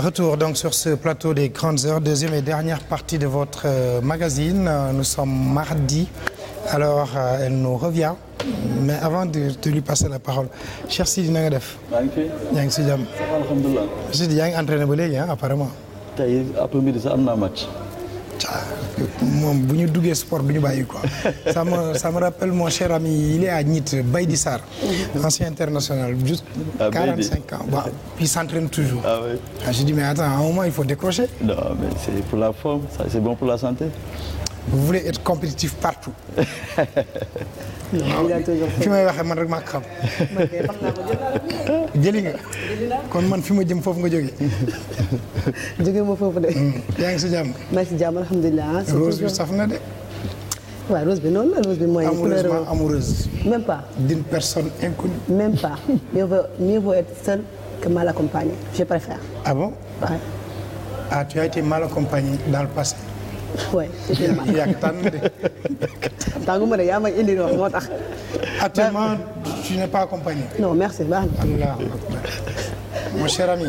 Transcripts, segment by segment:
Retour donc sur ce plateau des grandes heures, deuxième et dernière partie de votre euh, magazine. Nous sommes mardi, alors euh, elle nous revient. mais avant de de lui passer la parole Cheikh Sidi na nga def. maa ngi fi yaa ngi si jàmm. alhamdulilah. yaa ngi entraîné ba léegi ah apparemment. tey après midi am naa match. moom bu ñu duggee sport du ñu bàyyi quoi ça me ça me rappelle mon cher ami il est à Nit Baydi Sarr mhm. ancien international juste ah, quarante cinq ans waaw puis s'entraîne toujours ah oui ah, j'ai dit mais à un moment il faut décrocher non mais c'est la forme bon pour la santé vous voulez être compétitif partout. fi may waxee man rek maa ko jëli nga. kon man fi ma jëm foofu nga jógee. jógee ma foofu de. Mm. yaa ngi si jàmm. maa ngi si jàmm alhamdulilah. rose bi saf na de. waaw noonu la rose bi mooy. amoureusement amoureuse. même pas. d'une personne inconnue. même pas mieux vaut mieux vaut être seul que mal accompagné je préfère. ah bon. Ouais. ah été mal accompagné dans le passé. waay yàgg tànn de. indi moo tax. actuellement tu n'es pas accompagné. non merci baax na. allah mon cher ami.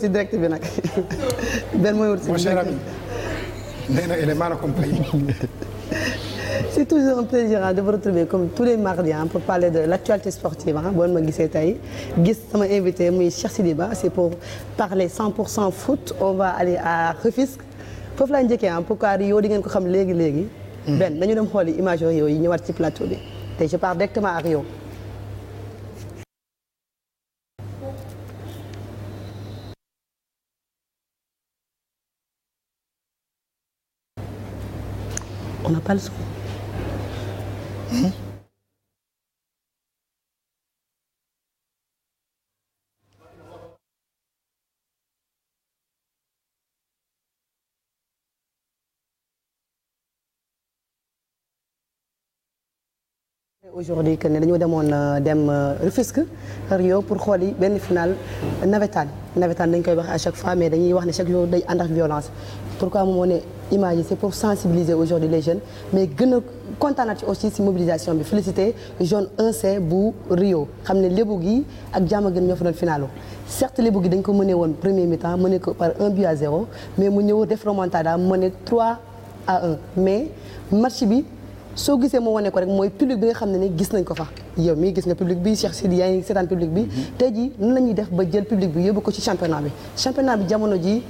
si direct bi nag. benn mooy wut si direct bi mon cher ami. nee na il est c'est toujours un plaisir de vous retrouver comme tous les mardis pour parler de l'actualité sportive ah boo ma gisee tey gis sama invité muy Cheikh Sidibé c'est pour parler 100 pour 100 foot on va aller à Rufisque. foofu laay njëkkee am pourquoi yoo di ngeen ko xam léegi léegi. Hmm. benn dañu dem xooli image yooyu ñu ñëwaat ci plateau bi te je par directement ak yow. on n'a aujourd'hui que ne dañoo demoon euh, dem euh, Rufisque Rio pour xool yi benn final nawetaan nawetaan dañ koy wax à chaque fois mais dañuy wax ne chaque jour day ànd ak violence pourquoi moom moo ne image yi c'est pour sensibiliser aujourd'hui les jeunes mais gën a kontaanaat ci aussi si mobilisation bi félicité zone 1C bu Rio xam ne lébu gi ak jàmm gën ñoo fa doon finalu certes lébu gi dañ ko mënee woon premier mi-temps mënee ko par 1 but à 0 mais mu ñëw def remontada mëne 3 à 1 mais match bi soo gisee moo wane ko rek mooy public bi nga xam ne ni gis nañ ko fa yow mii gis nga public bi Cheikh Sidi yaa ngi seetaan public bi mhm. tey jii nan la ñuy def ba jël public bi yóbbu ko ci championnat bi championnat bi jamono ji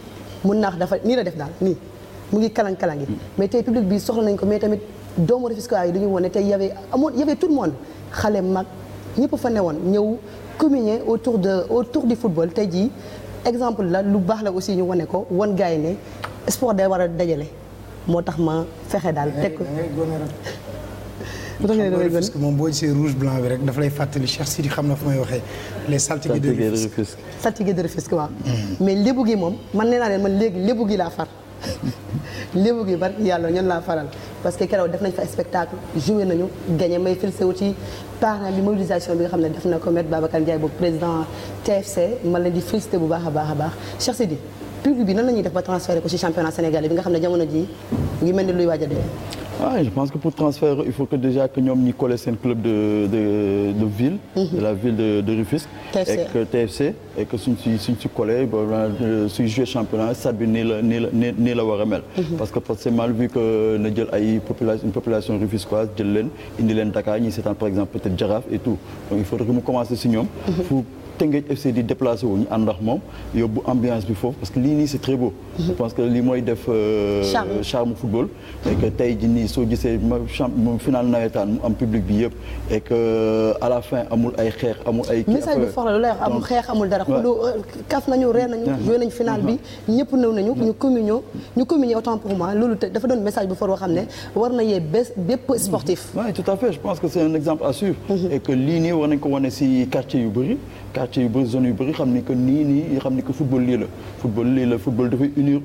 mun naax dafa nii la def daal nii mu ngi kalang-kalangi mhm. mais tey public bi soxla nañ ko mais tamit doomu Rufisque yi du ñu wone tey y'avait amoon y'avait tout le monde xale mag ñëpp fa woon ñëw communier autour de autour du football te jii exemple la lu baax la aussi ñu wane ko wan gars yi ne sport day war a dajale moo tax ma fexe daal teg ko. bu tax nga que moom boo gisee rouge blanc bi rek dafa lay fàttali Cheikh Sidi xam na fu may waxee. les saltigués de Rufisque saltigués de Rufisque waaw. Hmm. mais moom man nee naa man léegi lébu gi laa far. lébu gi bari yàlla ñun laa faral parce que keroog def nañ fa spectacle joué nañu gagné may fil sewu ci parrain bi mobilisation bi nga xam ne def na ko maître Babacar Ndiaye boobu président TFC ma leen di félicité bu baax a baax a baax Cheikh Sidi. public bi nan la ñuy def ba transférer ko ci championnat sénégalais bi nga xam ne jamono ji ngi mel ni luy waaj a dee ah je pense que pour transfert il faut que déjà que ñoom ñi collé seen club de ville. Mhm. de la ville de de et que TFC et que si suñ euh, championnat stade bi nii la nii mhm. parce que c'est mal vu que na jël ay population une population rufisquoise jël leen indi leen Dakar ñi par exemple peut-être et tout il faudrait que mu commencer si ñoom. Mhm. Teungueth FC di déplacé wu ñu ànd ak moom yóbbu ambiance bi foofu parce que lii nii mhm. mooy def. Euh, charme charme football. et que tey jii nii soo gisee ma final nawetaan mu am public bi yëpp et euh, la fin amul ay xeex amul ay. message bi fort la lu loolu dafa doon message bu fort boo ne war na yee bés bépp mhm. sportif. oui tout à fait je pense que c'est un exemple à suivre. Mhm. et que lii nii war nañu ko wane ci quartier yu bëri. quartier yu bëri zone yu bëri xam ni que nii nii xam ni que football lii la football lii la football dafay unir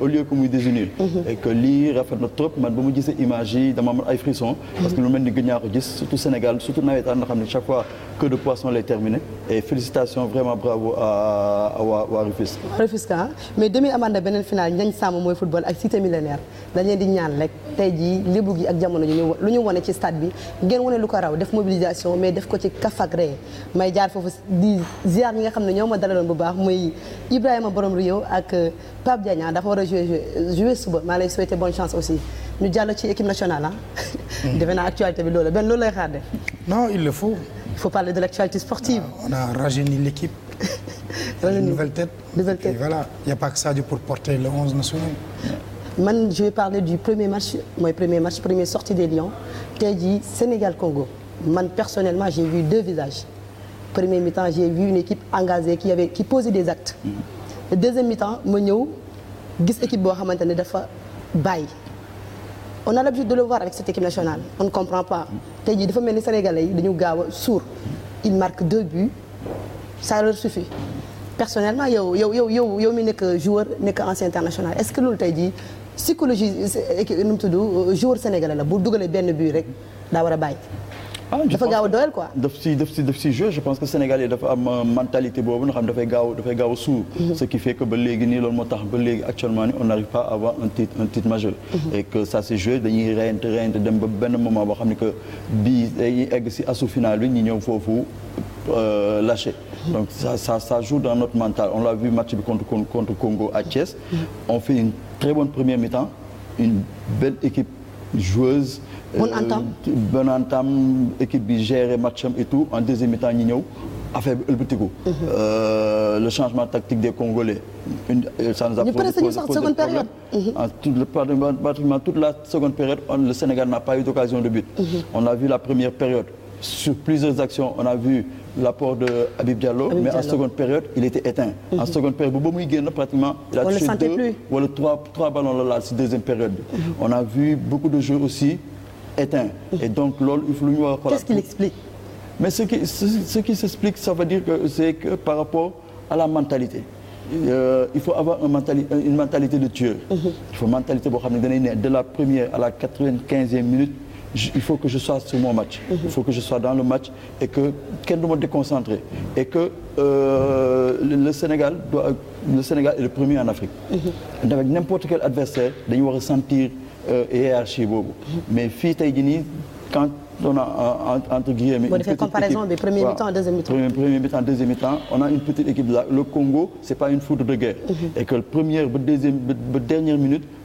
au lieu que muy désunir mhm. et que lii rafet na trop man ba ma gisee image yi dama am ay frisson mhm. parce que lu mel ni gën ñaa ko gis surtout Sénégal surtout nawetaan nga xam ne chaque fois que de poisson lay terminé et félicitations vraiment bravo à waa waa Rufisque Rufisque ah. mais demi amaat na beneen final ñañ sàmm mooy football ak cité millénaire dañ leen di ñaan rek tey jii lébu gi ak jamono ji lu ñu wone ci stade bi ngeen wone lu ko raw def mobilisation mais def ko ci kafak ree may jaar foofu di ziar ñi nga xam ne ñoo ma dalaloon bu baax muy Ibrahima Borom Riyow ak euh, Pape Diagna ah, dafa war a jouer jouer suba maa lay bonne chance aussi ñu jàll ci équipe nationale ah. Hmm. defe naa actualité bi loolu benn loolu lay xaar de. non il le faut. il faut parler de l'actualité sportive. Ah, on a rajeuni l'équipe. rajeuni une nouvelle tête. nouvelle tête et voilà y a pas que Sadio pour porter le 11 national. man je vais parler du premier match mooy premier match premier sortie des Lions tey jii Sénégal Congo man personnellement j'ai vu premier mi-temps j'ai vu une équipe engagée qui avait des actes. Mm-hmm. deuxième mi-temps ma ñëw gis équipe boo xamante ne dafa bàyyi. on a l'habitude de le voir avec cette équipe nationale on ne comprend pas mm-hmm. tey jii dafa mel ni sénégalais yi dañu gaaw a suur il marque deux buts ça leur suffit personnellement yow yow yow yow yow mi nekk joueur nekk ancien international est-ce que loolu tey jii psychologie nu mu tudd euh, joueur sénégalais la bu dugalee benn but rek daa war a bàyyi. Ah, dafa gaaw a doyal quoi. daf si daf si daf si jeu je pense que sénégalais dafa am euh, mentalité boobu nga xam dafay gaaw dafay gaaw a suur. Mhm. ce qui fait que ba léegi nii loolu moo tax ba léegi actuellement nii on n'arrive pas à avoir un titre un titre majeur. Mhm. et que ça c'est joué dañuy reyante reyante dem ba benn moment boo xam ne que bii dañuy egg si asu final bi ñu ñëw foofu. Euh, lâché mhm. donc ça ça ça joue dans notre mental on l'a vu match bi contre contre Congo à Thiès on fait une très bonne première mi-temps une belle équipe joueuse. bonne euh, entame bonne entame équipe bi géré match am et tout en deuxième mi-temps ñi ñëw. affaire bi mhm. euh, le changement tactique des Congolais. Euh, a mhm. en toute la seconde période le Sénégal n'a pas eu d'occasion de but. Mhm. on a vu la première période. sur plusieurs actions on a vu l'apport de Habib Diallo Habib mais Diallo. en seconde période il était en mhm. seconde période bu muy génn pratiquement il a touché deux wala trois ballons la deuxième période mhm. on a vu beaucoup de jeux aussi éteints mhm. et donc loolu par rapport à la mentalité euh, il faut avoir une mentalité de tueur. il faut mentalité boo ne dañuy de la première à la quatre-vingt-quinzième minute. il faut que je sois sur mon match. Mhm. il faut que je sois dans le match et que kenn du ma déconcentré et que euh, le Sénégal doit le Sénégal est le premier en Afrique. Mhm. avec n'importe quel adversaire dañu war a sentir euh, hiérarchie boobu. Mhm. mais fii tey jii nii quand on a entre guillemets. boo defee comparaison bi premier mi-temps deuxième mi-temps. premier premier mi-temps deuxième mi-temps on a une petite équipe là le Congo c'est pas une foudre de guerre. et que première ba deuxième ba dernière minute.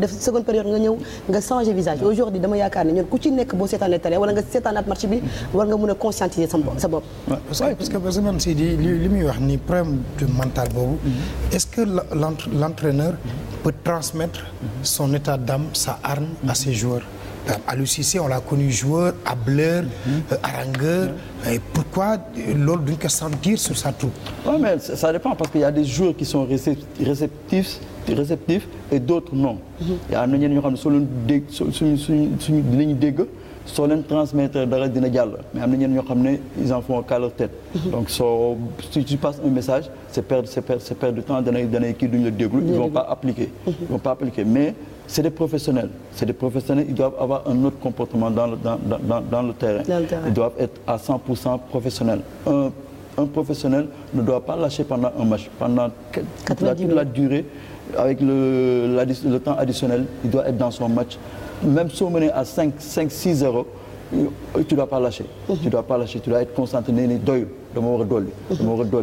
nga def seconde période nga ñëw nga changer visage aujourd'hui dama yaakaar ne ñun ku ci nekk boo seetaanee télé wala nga seetaanaat match bi war nga mën a conscientiser sa bopp parce que parce que man si di li muy wax ni problème de mental boobu mm-hmm. est-ce que l'entraîneur mm-hmm. peut transmettre mm-hmm. son état d'âme sa arme à ses joueurs Aliou Cissé on l'a connu joueur hableur harangueur euh, et pourquoi euh, loolu duñ ko sentir sur sa troupe oui mais ça dépend parce qu'il y a des joueurs qui sont réceptifs réceptifs et d'autres non. Mhm. yaa am na ñenn ñoo xam ne soo leen dégg suñu suñu suñu dinañu dégg soo leen transmettre dara dina jàll mais am na ñenn ñoo xam ne ils en font qu'à leur tête. Mhm. donc si tu passes un message c'est perdre c'est perdre c'est perdre du temps danay danay kii duñu la déglu. ils vont pas appliquer. Mhm. ils vont pas appliquer mais c'est des professionnels c'est des professionnels ils doivent avoir un autre comportement dans le terrain. dans le être à professionnels. un professionnel ne doit pas lâcher pendant un match pendant. 90 toute la durée. avec le, le temps additionnel, il doit être dans son match. Même si on menait à 5, 5 6 0, tu ne dois pas lâcher. Mm -hmm. Tu dois pas lâcher, tu dois être concentré. Mhm.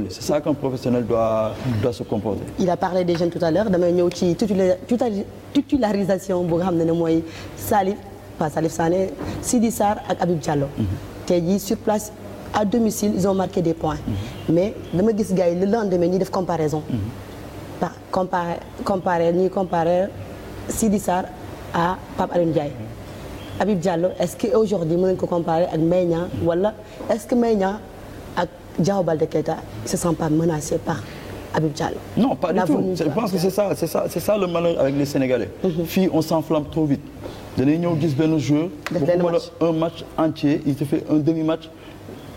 C'est ça qu'un professionnel doit, doit se composer. Il a parlé des jeunes tout à l'heure. Je vais ci titularisation bu nga xam ne mooy Salif pas Salif Sané Sidi Sarr ak Habib Diallo. Mhm. tey jii sur place à domicile ils ont marqué des points. Mhm. mais dama gis gars yi le lendemain ñi def comparaison. par comparé comparé ñuy comparé Sidi Sarr à Pape Alioune Ndiaye. Habib Diallo est-ce que aujourd'hui mën nañu ko comparer ak Mbaye Niang wala est-ce que Mbaye Niang ak Diao Baldé Keita se sent pas menacé par Habib Diallo. non pas du tout je pense que c'est ça c'est ça c'est ça le malheur avec les Sénégalais. Mhm. fii on s'enflamme trop vite. danay ñëw gis benn joueur. def benn match un match entier il te fait un demi match.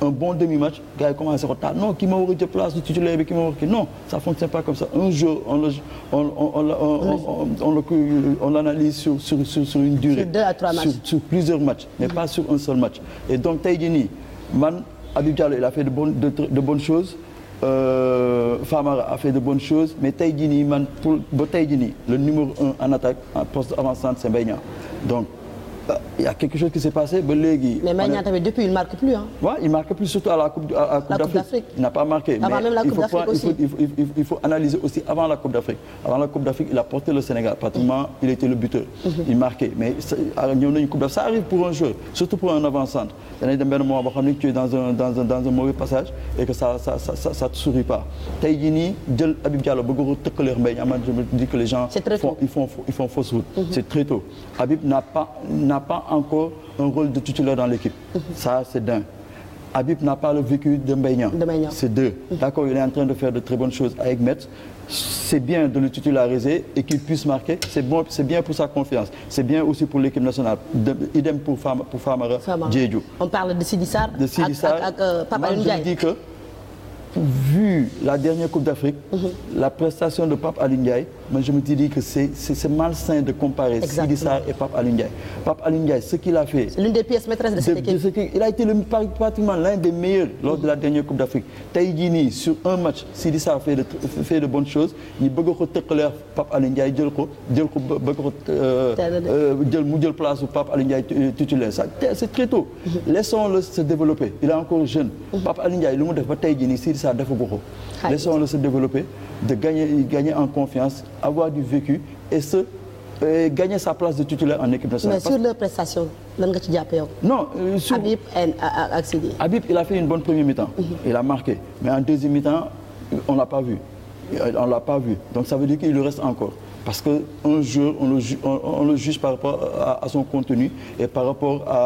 un bon demi-match gars yi commencé retard non kii ma war a jël place du titulaire bi kii ma war kii non ça fonctionne pas comme ça un jeu on le on on on le on l'analyse sur sur sur une durée. sur deux à trois matchs sur sur plusieurs matchs. mais mm. pas sur un seul match. et donc tey jii nii man Habib Diallo il a fait de bonnes de de bonnes choses. Euh, Famara a fait de bonnes choses mais tey jii nii man pour ba tey jii nii le numéro un en attaque en poste avancé c'est Mbaye Niang donc. il y a quelque chose qui s'est passé ba léegi. mais marque plus surtout à la coupe d'Afrique. il n'a pas marqué. il faut analyser avant la coupe d'Afrique il a porté le Sénégal pratiquement mm-hmm. il était le buteur. Mm-hmm. il marquait mais sa coupe d'Afrique ça arrive pour un jeu surtout centre danañ dem benn moment boo xam dans un mauvais passage et que ça sourit pas tey jii nii jël Habib Diallo bëgg ko je me dis que les gens. ils font fausse route. Mm-hmm. c'est très tôt Habib encore un rôle de titulaire dans l'équipe mhm. ça c'est d'un Habib n'a pas le vécu de Mbaye Niang c'est deux mhm. d'accord il est en train de faire de très bonnes choses avec Metz c'est bien de le titulariser et qu'il puisse marquer c'est bon c'est bien pour sa confiance c'est bien aussi pour l'équipe nationale de, idem pour Fama pour Famara Diédhiou on parle de Sidi Sarr de Sidi Sarr ak ak euh, Pape Alioune Ndiaye je dis que vu la dernière Coupe d'Afrique mm -hmm. la prestation de Pape Alioune Ndiaye ma je me suis dit que c'est c'est malsain de comparer Sidi Sarr et Pape Alioune Ndiaye Pape ce qu'il a fait c'est l'une des pièces maîtresses de cette équipe il a été le pratiquement l'un des meilleurs lors de la dernière Coupe d'Afrique tey sur un match Sidi Sarr fait de bonnes choses ñu bëgg ko tëqaleex Pape ko jël ko bëgg ko euh, euh, jël mu jël place Pape Alioune Ndiaye titulaire ça c'est très tôt mhm. laissons-le se développer il est encore jeune mhm. Pape Alioune Ndiaye lu mu def ba tey jii nii Sidi Sarr defagu ko Laissons-le se développer, de gagner, gagner en confiance, avoir du vécu et se et gagner sa place de titulaire en équipe nationale. Mais sur leur prestation lan nga ci jàpp yow. non euh, sur Habib ak Sidi. Habib il a fait une bonne première mi-temps. Mm -hmm. il a marqué mais en deuxième mi-temps on l'a pas vu on l'a pas vu donc ça veut dire qu'il lui reste encore parce que un joueur on le ju on, on le juge par rapport à, à son contenu et par rapport à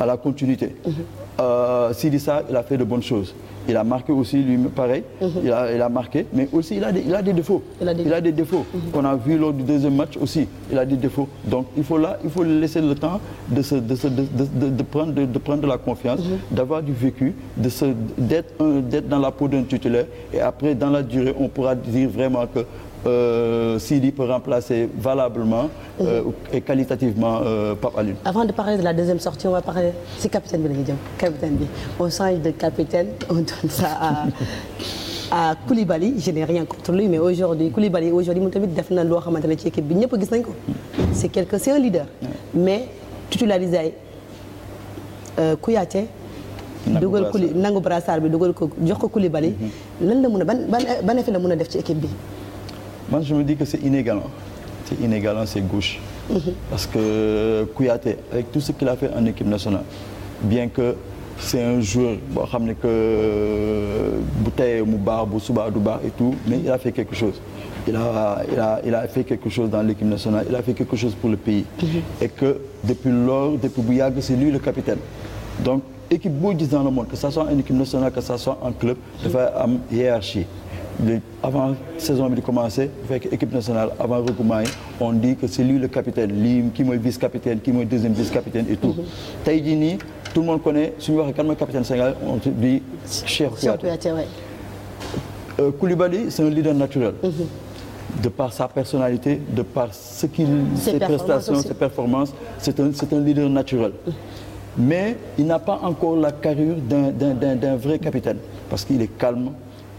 à la continuité. Mm -hmm. euh, Sidi Sarr il a fait de bonnes choses il a marqué aussi lui pareil. Mm -hmm. il a il a marqué mais aussi il a des il a des défauts. il a des, il a des défauts. Mm -hmm. qu'on a vu lors du deuxième match aussi il a des défauts donc il faut là il faut laisser le temps de se de se de de, de prendre de, de prendre la confiance. Mm -hmm. d'avoir du vécu de se d'être un d'être dans la peau d'un titulaire et après dans la durée on pourra dire vraiment que euh, Sidi peut remplacer valablement. Euh, et qualitativement euh, Pape Alioune. avant de parler de la deuxième sortie on va parler si capitaine bi la ñuy jëm capitaine bi on change de capitaine on donne ça à. à Koulibaly je n'ai rien contre mais aujourd'hui Koulibaly aujourd'hui moom tamit def na loo xamante ne ci équipe bi ñëpp gis nañ c'est un leader mais titularisé ay euh, Kouyaté dugal Kouli nangu brassard bi dugal ko jox ko Koulibaly mhm. lan la mun a ban ban effet la mun a def ci équipe bi moi je me dis que c'est inégalant c'est inégalant c'est gauche mm -hmm. parce que Kouyaté avec tout ce qu'il a fait en équipe nationale bien que c'est un joueur boo xam ne que euh, bu tey mu baax bu subaa du baax et tout mais il a fait quelque chose il a il a il a fait quelque chose dans l'équipe nationale il a fait quelque chose pour le pays mm -hmm. et que depuis lors depuis bu yàgg c'est lui le capitaine donc équipe boo gis dans le monde que ça soit en équipe nationale que ça soit en club dafay am hiérarchie avant saison bi di commencé bu fekk équipe nationale avant regroupement yi on dit que c'est lui le capitaine lii kii mooy vice capitaine kii mooy deuxième vice capitaine et tout tey jii nii tout le monde connaît suñu waxee kan mooy capitaine Sénégal on dit Cheikh Kouyaté euh, Koulibaly c'est un leader naturel mm-hmm. de par sa personnalité de par ce qu'il ses prestations ses performances c'est un c'est un leader naturel mais il n'a pas encore la carrure d'un d'un d'un vrai capitaine parce qu'il est calme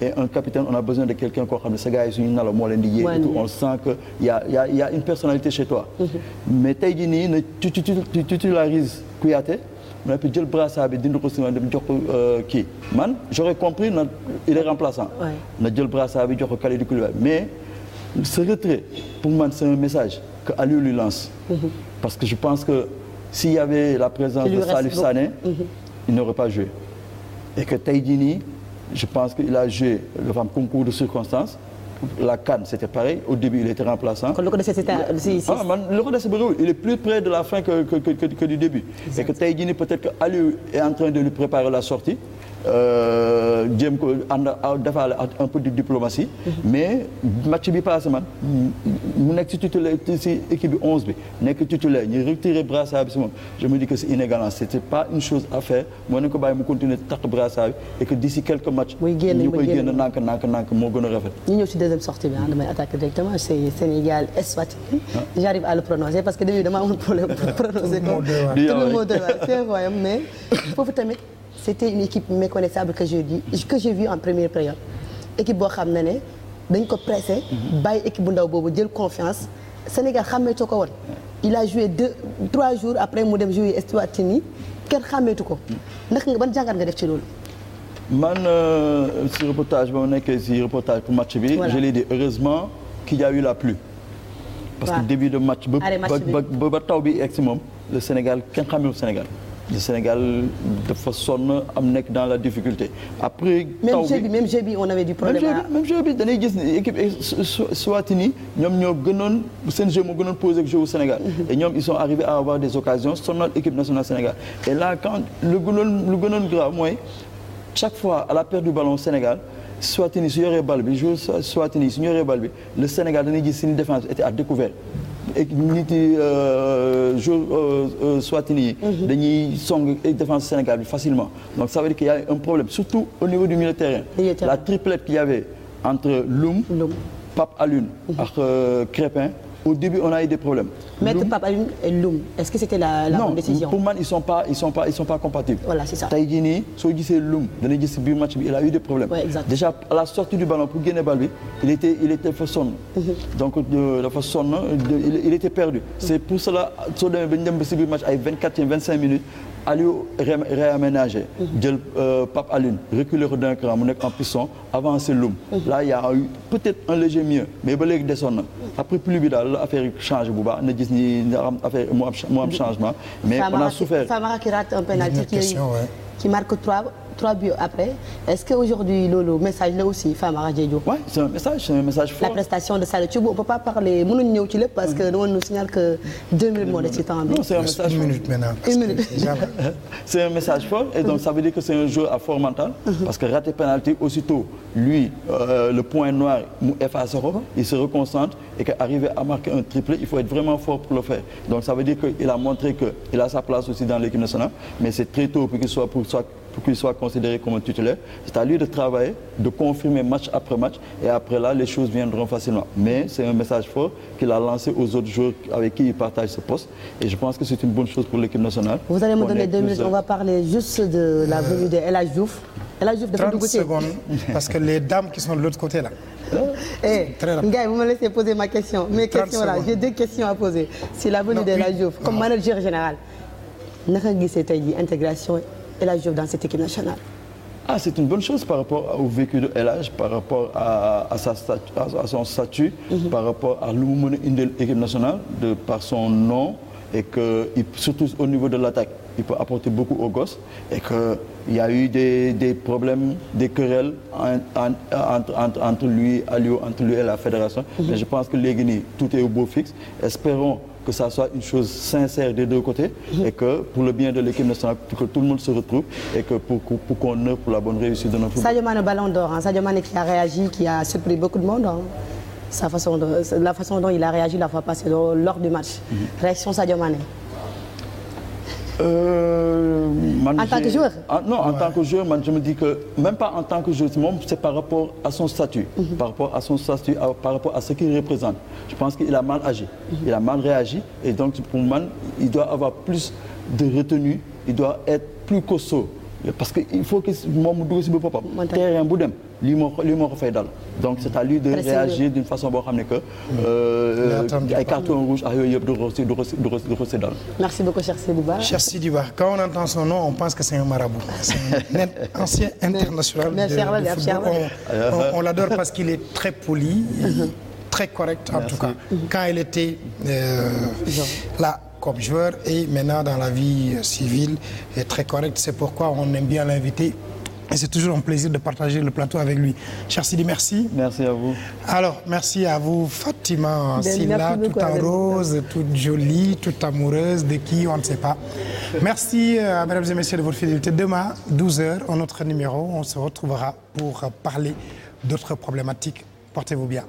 et un capitaine on a besoin de quelqu'un koo xam ne sa gars yi suñu nalaw moo leen di on sent que y a y a a une personnalité chez toi mm-hmm. mais tey jii nii na euh, man j'aurais compris il est remplaçant na jël brassard bi jox mais ce retrait pour man c'est message que Aliou lance mm-hmm. parce je pense que s'il y avait la présence de Salif Sané mm-hmm. il n'aurait pas joué et que tey je pense qu'il a joué le femme concours de circonstances la CAN c'était pareil au début il était remplaçant. kon lu ko dese si si si. ah man lu ko dese bëriwul il est plus près de la fin que que que que, que du début. Exactement. et que tey jii nii peut-être que Aliou est en train de lui préparer la sortie Euh, jéem ko ànd defaale un peu de diplomatie. Mhm. mais match bi passé man mu nekk ci titulaire ci équipe bi 11 bi nekk titulaire ñu retiré brassard bi si moom je me dis que c'est inégalant c'était pas une chose à faire moo ne ko bàyyi mu continuer takk brassard bi que d'ici quelques matchs. muy génn ñu koy moo gën a rafet. ñu ñëw deuxième sortie bi ah damay attaquer directement c'est Sénégal Eswatini. Ah. j'arrive à le prononcer parce que début dama amoon problème pour c'était une équipe méconnaissable que j'ai dit que j'ai vu en première période équipe boo xam ne ne dañ ko pressé bay équipe bu ndaw boobu jël confiance Sénégal xàmmeetu ko woon il a joué trois jours après mu dem jouer Eswatini kenn xàmmeetu ko ndax nga ban jàngat nga def ci loolu man euh, si reportage ba ma nekkee si reportage pour match bi je l'ai dit heureusement qu'il y a eu la pluie parce que début de match ba ba taw bi egg si moom le Sénégal kenn xàmmeewu Sénégal le Sénégal dafa sonn am nekk dans la difficulté. après taw bi même jeu bi même jeu bi on avait du problème à. même jeu bi dañuy gis ni équipe Eswatini ñoom ñoo gënoon seen jeu moo gënoon posé ak jeu Sénégal. Mhm. et ñoom ils sont arrivés à avoir des occasions sonal équipe nationale Sénégal. et là quand lu gënoon lu gënoon grave mooy chaque fois à la perte du ballon Sénégal. Swatini su yoree bal bi jour Swatini su yoree bal bi le Sénégal dañuy gis seen défense était à découvert nit yi euh, jour euh, euh, Swatini yi mhm. dañuy song défense Sénégal bi facilement donc ça veut dire qu'il y a un problème surtout au niveau du milieu de terrain la triplette qu'il y avait entre Loum Pape Alioune mhm. ak Crépin au début on a eu des problèmes. Maître Pape Alioune Loum est-ce que c'était la la bonne décision non pour c'est ça tey jii nii soo gisee eu des la sortie du ballon pour génne bal euh, il était perdu. Mm. c'est pour cela soo demee ba ñu dem ba si biir match ay cinq minutes. Aliou réaménagé. Mm. jël euh, Pape Alioune d'un cran mu nekk en piston avancer Loum. Mm. là y a eu peut-être un léger mieux mais ba léegi desoon après pluie bi daal affaire yi changé bu baax na gis ni nga am affaire mu am changement. mais on a souffert Famara qui rate un penalty qui marque 3 trois buts après est-ce que aujourd'hui loolu message la aussi c'est un message fort. la prestation de Salé Thioub on peut pas parler mënuñ ñëw ci lépp parce que on nous signale que deux minutes non c'est un message fort et que c'est un jeu à fort mental. Mhm. parce que raté penalty aussitôt euh, le point noir mu efface ko il se reconcentre et que arriver à marquer un triplé il faut être vraiment fort pour le faire donc c'est très tôt pour qu'il soit pour pour qu'il soit considéré comme un titulaire. C'est à lui de travailler, de confirmer match après match, et après là, les choses viendront facilement. Mais c'est un message fort qu'il a lancé aux autres joueurs avec qui il partage ce poste, et je pense que c'est une bonne chose pour l'équipe nationale. Vous secondes, parce les dames qui sont de l'autre côté là. Eh, questions là, j'ai deux questions poser. C'est la de El Hadj comme manager général. naka gisee tey El Hadj Diop dans cette équipe nationale. ah c'est une bonne chose par rapport au vécu de El Hadj par rapport à à sa statut à son statut. Mm -hmm. par rapport à lu mu mën a indil équipe nationale de par son nom et que surtout au niveau de l'attaque il peut apporter beaucoup aux gosses et que il y a eu des des problèmes des querelles en, en, entre entre entre lui Aliou entre lui et la fédération. Mm -hmm. mais je pense que léegi nii tout est au beau fixe espérons. que ça soit une chose sincère des deux côtés mhm. et que pour le bien de l'équipe nationale que tout le monde se retrouve et que pour pour qu'on œuvre pour la bonne réussite de notre Sadio Mané Ballon d'Or Sadio Mané qui a réagi qui a surpris beaucoup de monde hein. sa façon de la façon dont il a réagi la fois passée lors du match mhm. réaction Sadio Mané euh... man en tant que joueur ah, non en ouais. tant que joueur man je me dis que même pas en tant que joueur moom c'est par rapport à son statut. Mm -hmm. par rapport à son statut à, par rapport à ce qu'il représente je pense qu'il a mal agi. Mm -hmm. il a mal réagi et donc pour man il doit avoir plus de retenue il doit être plus costaud. parce que il faut que moom mu dugg si boppam. terrain bu dem lii moo ko lii moo ko fay dal. donc c' est à lui de réagir d' une façon boo xam ne que. Euh, ay carton rouge ak yooyu yëpp du rossi du rossi du rossi dal. merci beaucoup Cheikh Sidou Ba. Cheikh Sidou Ba quand on entend son nom on pense que c' est un marabout. c' est un ancien international. de, de football on, on, on l'adore parce qu'il est très poli. Uh-huh. très correct en Merci. tout cas. Uh-huh. quand il était euh, là. comme joueur et maintenant dans la vie euh, civile est très correcte. C'est pourquoi on aime bien l'inviter et c'est toujours un plaisir de partager le plateau avec lui. Cher Sidi, merci. Merci à vous. Fatima Silla, toute en rose, toute jolie, toute amoureuse, de qui on ne sait pas. Merci, euh, mesdames et messieurs, de votre fidélité. Demain, 12h, un autre numéro, on se retrouvera pour parler d'autres problématiques. Portez-vous bien.